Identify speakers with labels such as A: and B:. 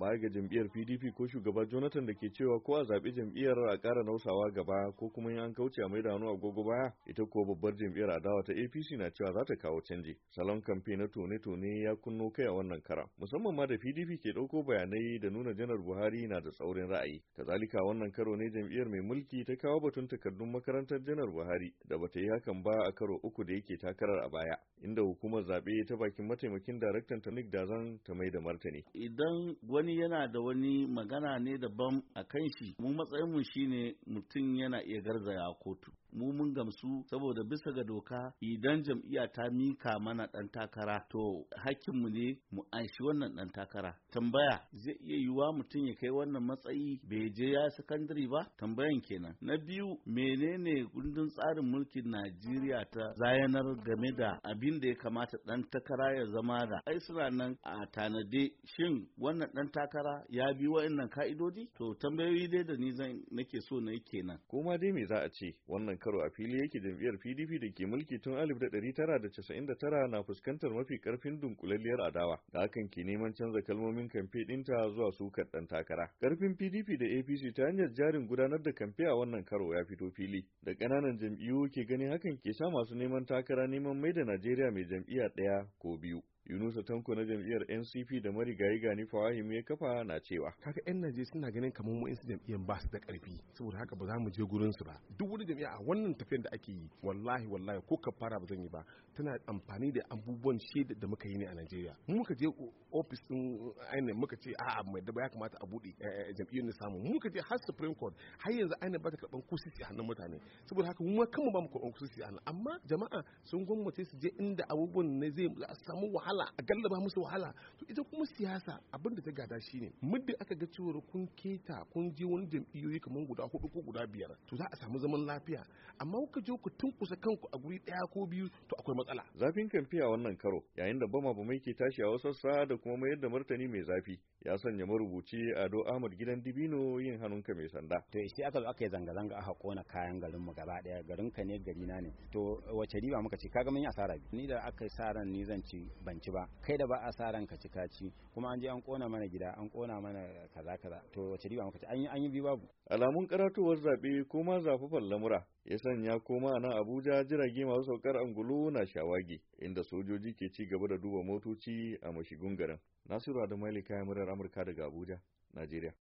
A: baya ga jam'iyyar pdp ko shugaba jonathan da ke cewa ko a zaɓi jam'iyyar a ƙara nausawa gaba ko kuma in an kauce a mai da hannu agogo baya ita ko babbar jam'iyyar adawa ta apc na cewa za ta kawo canji salon kamfe na tone-tone ya kunno kai a wannan kara musamman ma da pdp ke ɗauko bayanai da nuna janar buhari na da tsaurin ra'ayi kazalika wannan karo ne jam'iyyar mai mulki ta kawo batun takardun makarantar janar buhari da bata yi hakan ba a karo uku da yake takarar a baya inda hukumar zaɓe ta bakin mataimakin daraktan tanik dazan ta mai da martani
B: idan wani wani yana da wani magana ne daban a kan shi mu matsayinmu shine mutum yana iya garzaya kotu mu mun gamsu saboda bisa ga doka idan jam'iyya ta mika mana ɗan takara to hakkinmu ne mu anshi wannan ɗan takara tambaya zai iya yiwuwa mutum ya kai wannan matsayi bai je ya sakandare ba tambayan kenan na biyu menene gundun tsarin mulkin najeriya ta zayanar game da abin da ya kamata ɗan takara ya zama da ai suna nan a tanade shin wannan ɗan takara ya
A: bi wa'annan ka'idodi to tambayoyi dai da ni zan nake so na yi kenan kuma dai me za a ce wannan karo a fili yake jam'iyyar PDP da ke mulki tun 1999 na fuskantar mafi karfin dunkulalliyar adawa da hakan ke neman canza kalmomin kamfe ɗinta zuwa sukar ɗan takara. Karfin PDP da APC ta hanyar jarin gudanar da kamfe a wannan karo ya fito fili da ƙananan jam'iyyu ke ganin hakan ke sa masu neman takara neman mai da Najeriya mai jam'iyya ɗaya ko biyu. Yunusa Tanko na jam'iyyar NCP da marigayi Gani Fawahim ya kafa na cewa
C: kaga yan Najeriya suna ganin kamar mu su jam'iyyar ba su da karfi saboda haka ba za mu je gurin su ba duk wani jam'iyya a wannan tafiyar da ake yi wallahi wallahi ko kafara ba zan yi ba tana amfani da abubuwan shaida da muka yi ne a Najeriya mu muka je office din ainihin muka ce a mai da ya kamata a bude eh, eh, jam'iyyar ne samu mu muka je har Supreme Court har yanzu ainihin ba ta karban kusisi a hannun mutane saboda haka mu ma kanmu ba mu karban kusisi a hannun amma jama'a sun gwamnati su je inda abubuwan ne zai samu wahala wahala a gallaba musu wahala to ita kuma siyasa abin da ta gada shi ne muddin aka ga cewa kun keta kun je wani jam'iyyoyi kamar guda hudu ko guda biyar to za a samu zaman lafiya amma kuka je ku tunkusa kanku a guri daya ko biyu to akwai matsala
A: zafin kamfe a wannan karo yayin da bama bamai ke tashi a wasu sassa da kuma mayar da martani mai zafi ya sanya marubuci Ado Ahmad Gidan Dibino yin hannunka mai sanda to shi aka zo aka yi zanga zanga aka kona kayan garin
B: mu gaba daya garin ka ne gari na ne to wace riba muka ce kaga mun yi asara ni da aka sa ran ni zan ci ban ci ba kai da ba a sa ranka ci ka ci kuma an je an kona mana gida an kona mana
A: kaza kaza to wace riba muka ci an yi an yi biyu babu alamun karatuwar zabe ko zafafan lamura ya sanya koma nan Abuja jirage masu saukar angulu na shawagi inda sojoji ke ci gaba da duba motoci a mashigun garin Nasiru Adamu Malika ya murar Amurka daga Abuja Najeriya